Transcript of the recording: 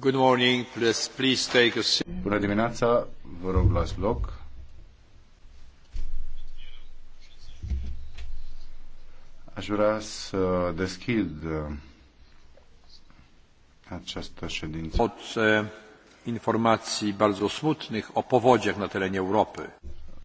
Good morning. Please, please take a seat. Bună dimineața, vă rog luați loc. Aș vrea să deschid uh, această ședință. Pot uh, informații bardzo smutnych o powodziach na terenie Europy.